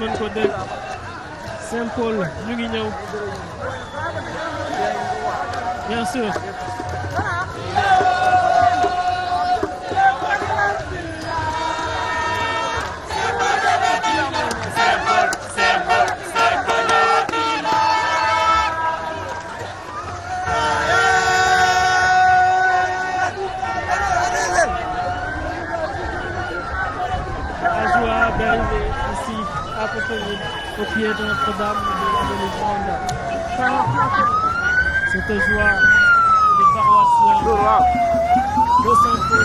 mën ko dégg Saint Paul ñu ngi ñëw bien sûr prières de Notre-Dame et de la Cette joie des paroissiens, de Saint-Paul, du Saint-Paul.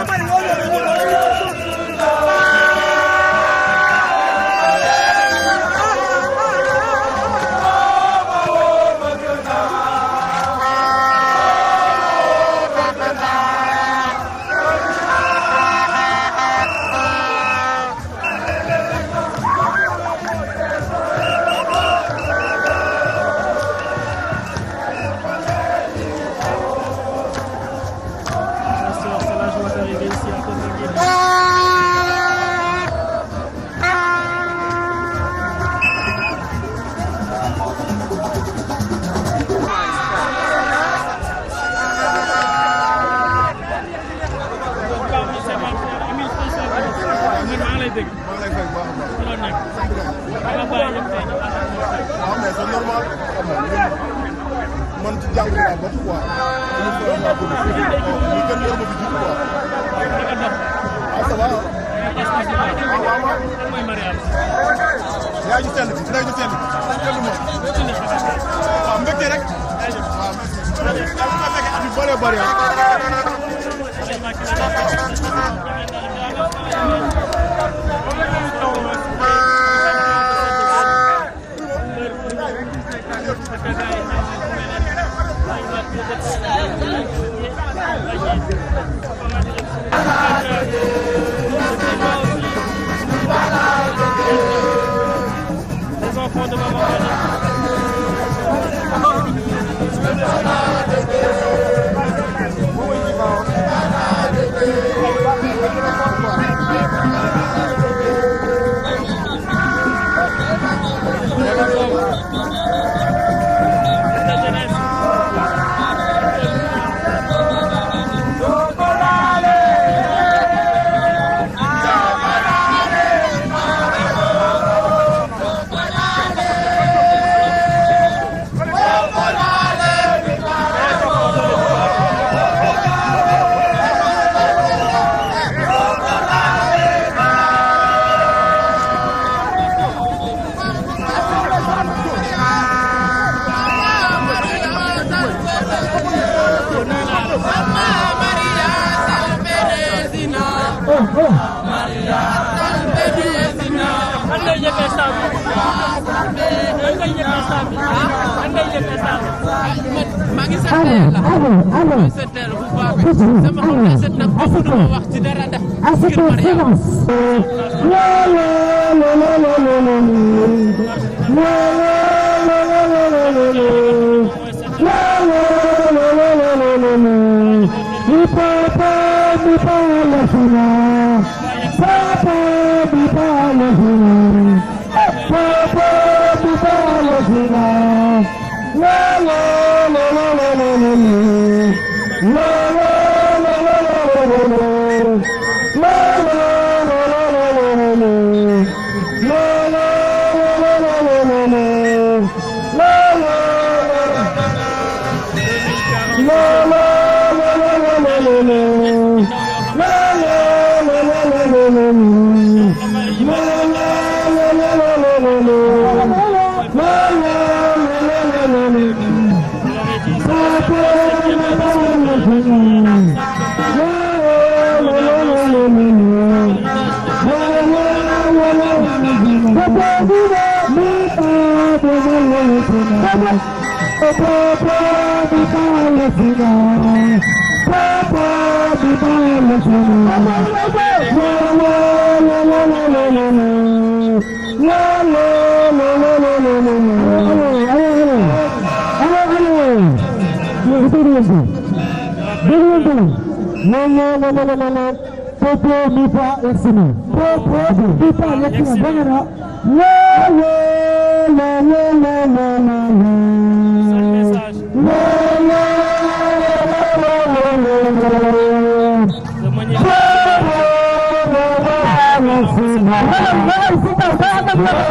mooy santal bu baax sama xol day set nag bëgg na ma wax ci dara ndax ngir mën a yàlla. popo mi fa yasina popo mi fa yasina bangana la la la la la la la la la Vamos, vamos, vamos, vamos, vamos, vamos.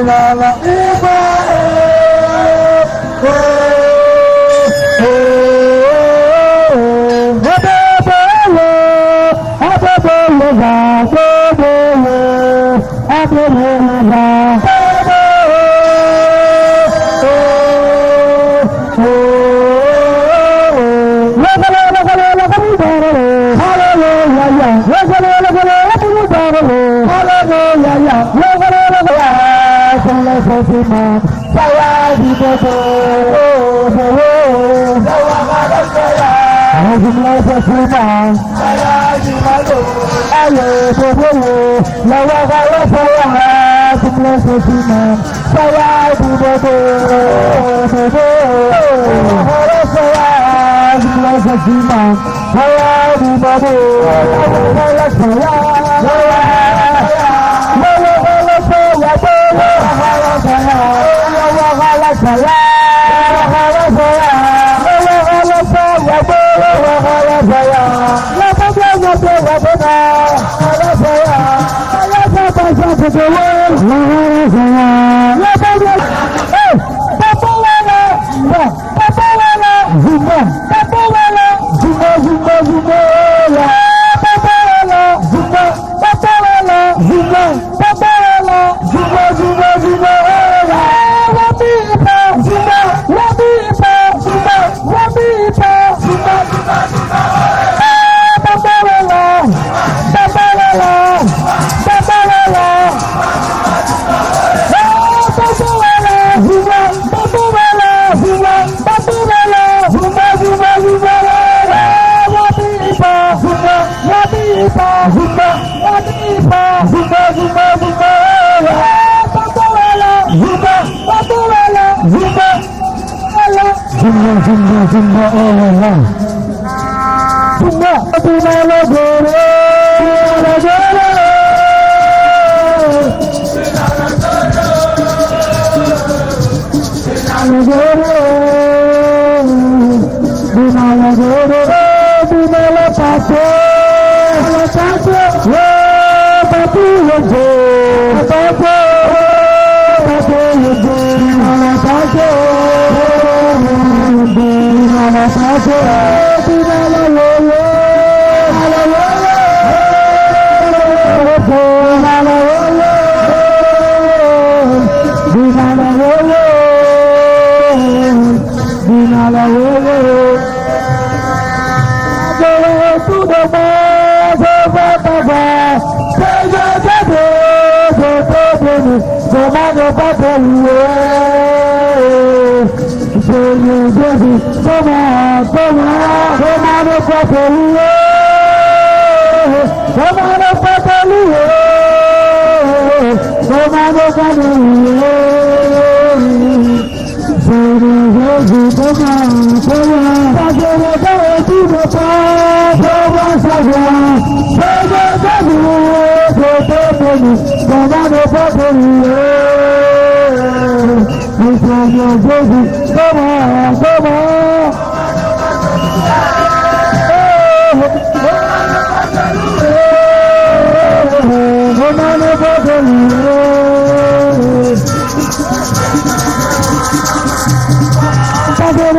إلى بعيد ẹsẹ̀ súnmọ́. Ayọ̀ ìṣòwò lọ́wọ́ ọwọ́ fọwọ́ rẹ̀ ti lè ṣe súnmọ́. Fọwọ́ ìdìbò tó ṣòwò ọwọ́ fọwọ́ rẹ̀ ti lè ṣe súnmọ́. Fọwọ́ ìdìbò tó ṣòwò fọwọ́ lọ́wọ́ ọwọ́ fọwọ́ tó lọ́wọ́ ọwọ́ fọwọ́. Alábọ́dá aláfọ̀yà aláfọ̀bàṣà kòkòrò. Lọ́wọ́ rẹ̀ sọ̀rọ̀. ثم إلينا ثم بما نزور بما نزور بما نزور بما نزور sọ́mọ́ sọ́mọ́ ló pọ̀ pẹ̀lú sọ́mọ́ ló pọ̀ pẹ̀lú sọ́mọ́ ló pọ̀ pẹ̀lú sọ̀rọ̀ lójú tó máa ń sọ́mọ́ sọ́mọ́ sọ́mọ́ tí mo pa sọ́mọ́ sọ́mọ́ sọ́mọ́ sọ́mọ́ tó tó pẹ̀lú sọ́mọ́ ló pọ̀ pẹ̀lú sọ́mọ́ lójú tó máa ń sọ́mọ́.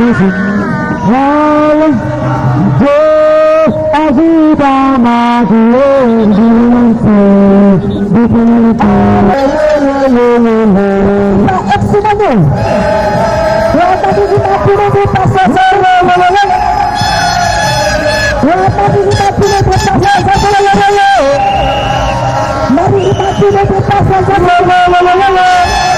عزيز حال جوش عزيز ما Mari kita tidak berpasangan.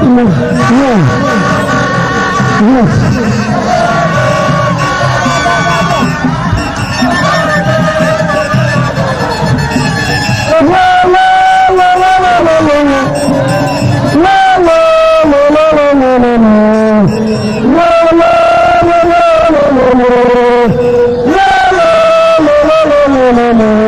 Atmos, Dios, Dios. No, no, no, no.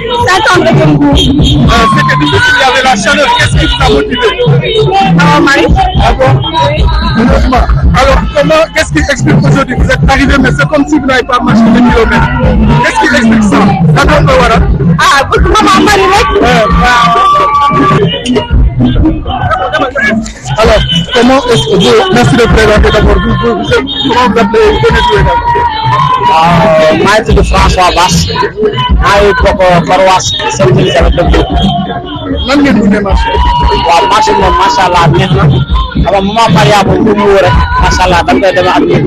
L'attente de Congo. Euh, C'était difficile, il y avait la chaleur. Qu'est-ce qui vous a motivé Alors, Marie. Ah bon oui. Alors, comment, qu'est-ce qui explique aujourd'hui Vous êtes arrivé, mais c'est comme si vous n'avez pas marché des kilomètres. Qu'est-ce qui explique ça D'accord, voilà. Ah, parce que maman m'a dit Alors, comment est-ce que vous. Merci de présenter d'abord. Vous, vous, vous, comment vous appelez Vous waaw euh, maa ngi tudd François Bass maa ngi bokk paroisse Sainte Élisabeth de Mbour. lan ngeen dundee marché bi. waaw marché bi moom macha allah neex na xam nga moment Maria boobu bu mu wóor rek macha allah da nga koy demee ak nit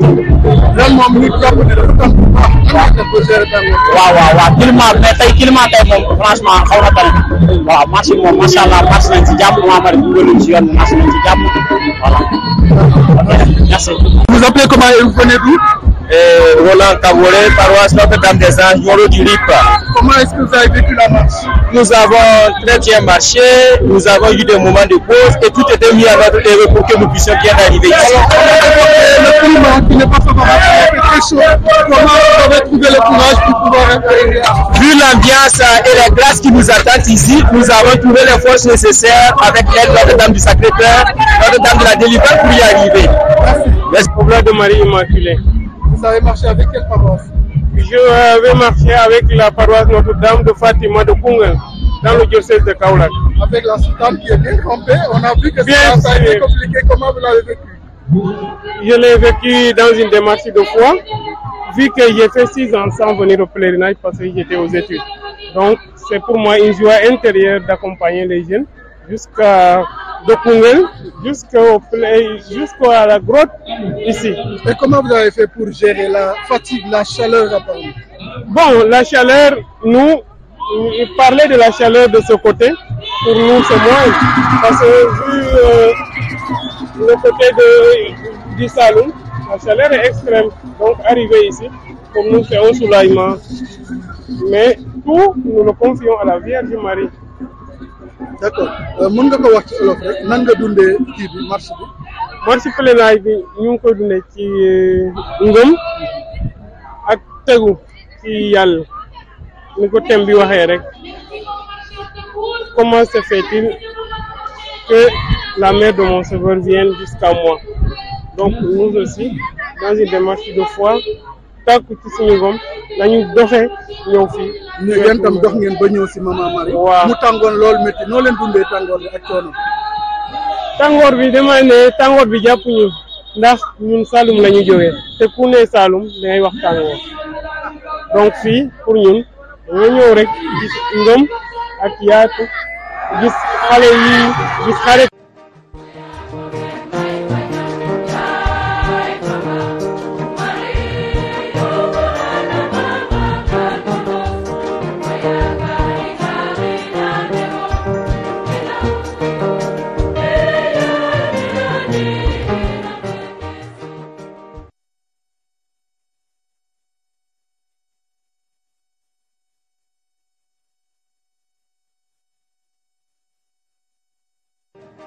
lan moom ñu jàpp ne dafa tànn waaw waaw waaw climat mais tey climat moom franchement xaw na tane waaw marché bi moom macha allah marché nañ ci jàmm moment Maria si yoon bi marché nañ ci jàmm voilà. merci. vous appelez comment et vous Roland Caboret, paroisse Notre-Dame des Anges, Moro du RIP. Comment est Nous avons très bien nous avons eu des moments de pause et tout était mis à notre heure pour que nous puissions bien arriver ici. Alors, le climat qui n'est pas favorable, c'est très chaud. Comment vous avez trouvé le courage pour pouvoir arriver Vu l'ambiance et les grâces nous attendent ici, nous avons trouvé les forces nécessaires avec l'aide Notre-Dame du Sacré-Cœur, dame de la Délivrance pour y arriver. Merci. L'espoir de Marie Immaculée. Vous avez marché Je vais marcher la paroisse Notre-Dame de Fatima de Kungel, dans le diocèse de Kaulak. Avec la soutane qui est bien campée, on a vu que bien ça a été compliqué. Comment vous l'avez vécu dans une démarche de foi, vu que j'ai fait six ans sans venir au pèlerinage parce que j'étais aux études. Donc, c'est pour moi une joie intérieure d'accompagner les jeunes jusqu'à de Koungheul jusqu'à la grotte ici. Et comment vous avez fait pour gérer la chaleur de la chaleur de ce côté, pour nous c'est moins, parce que vu euh, le côté du salon, la chaleur est extrême. Donc arriver ici, pour nous c'est un soulagement. Mais tout, nous le confions à la Vierge Marie. d' accord euh, mën nga ko wax ci olof rek nan nga dundee kii bi marche bi. marche plénaire bi ñu ngi koy dundee ci euh, ngëm ak tegu ci yàlla ni ko thème bi waxee rek comment se fait-il que la mère de mon sauveur vienne jusqu'à moi donc nous aussi dans une démarche de foi. tàkku ci suñu ngom ñu yéen tam dox ngeen ba ñëw si waaw tàngoon loolu leen dundee tàngoor bi ak coono. tàngoor bi dama ne tàngoor bi jàpp ndax ñun Saloum la ñu jógee te ku ne saalum da ngay wax tàngoor donc fii pour ñun dañoo ñëw rek gis ngëm ak yaatu gis xale yi gis xale.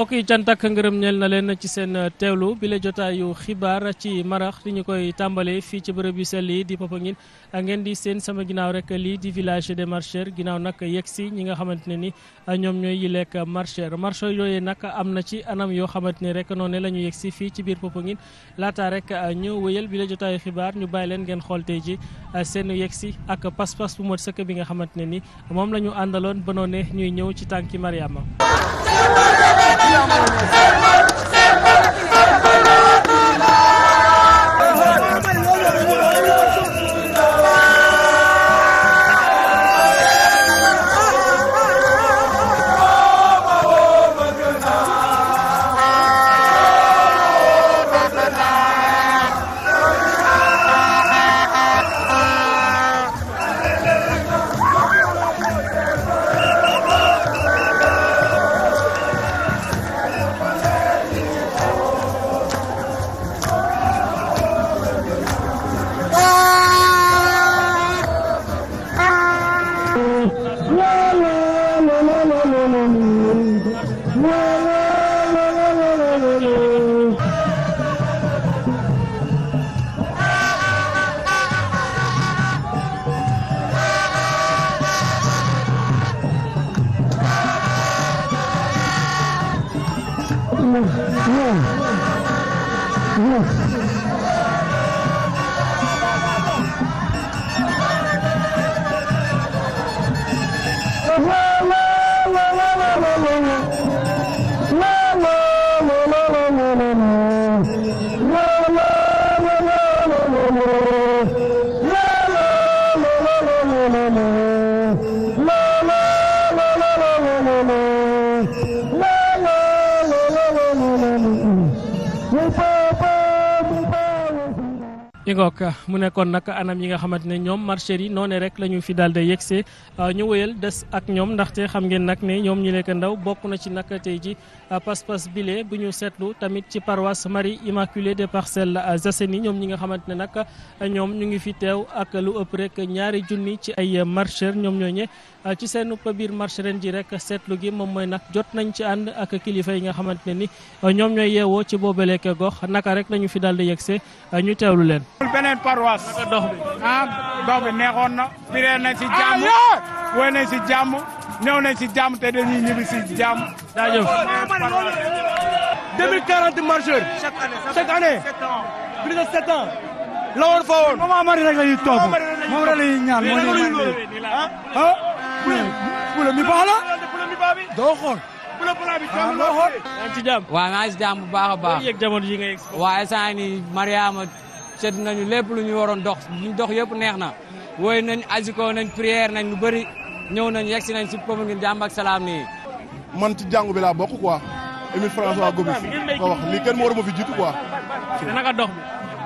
mbokk yi cant ak ngërëm ñeel na leen ci seen uh, teewlu bi la jotaayu xibaar ci marax di ñu koy tàmbale fii ci bërëb yu sell yi di Popenguine ngeen di seen sama ginnaaw rek lii di village des marcheurs ginnaaw nag yegg si ñi nga xamante ne ni uh, ñoom ñooy lekk marcheurs marcheurs yooyu nag am na ci anam yoo xamante ni rek noonu la ñu yegg si fii ci biir Popenguine laata rek uh, ñu wëyal bi la jotaayu xibaar ñu bàyyi leen ngeen xool tey ji seen yegg si ak pas-pas bu mat bi nga xamante ne ni moom la ñu àndaloon ba noonee ñuy ñëw ci tànki Mariama Yeah. ñu ngoog mu nekkoon nag anam yi nga xamante ne ñoom marcheurs yi noonu rek la ñu fi daal di yegsee euh, ñu wëyal des ak ñoom ndaxte xam ngeen nag ne ñoom ñi lekk ndaw bokk na ci nag tey ji euh, pas-pas bile bu ñu seetlu tamit ci paroisse Marie Immaculée des Parcelles Assainies ñoom ñi nga xamante ne nag ñoom ñu ngi fi teew ak lu ëpp rek ñaari junni ci ay marcheurs ñoom ñooñe euh, ci seen biir marché ren ji rek seetlu gi moom mooy nag jot nañ ci ànd ak kilifa yi nga xamante ne ni ñoom ñooy yeewoo ci boobeleeke gox naka rek lañu fi daal di yegsee ñu teewlu leen beneen paroisse ah dox bi neexoon na piree nañ si jàmm woy nañ si jàmm ñëw nañ si jàmm te dañuy ñibbi si jàmm jaajëf 2040 marcheurs chaque année plus de sept ans la woon fa woon moom Amady rek la ñuy toog moom rek la ñuy ñaan ah pula mi baax la doo xool waaw doo xool waaw maa ngi si jàmm bu baax a baax waaye saa ni Mariama seet nañu lépp lu ñu waroon dox ñu dox yëpp neex na wooy nañ aziko nañ prière nañ lu bëri ñëw nañ yegg si nañ si Popenguine jàmm ak salaam nii man ci jàngu bi laa bokk quoi Émile François Gomis ko wax kenn waruma fi jiitu quoi te naka dox bi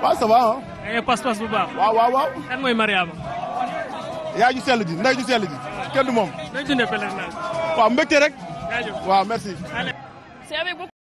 waaw ça va ah da ngay pas-pas bu baax waaw waaw yaa ju sell ji ndey ju sell ji kenn du moom waaw mbégte rek waaw merci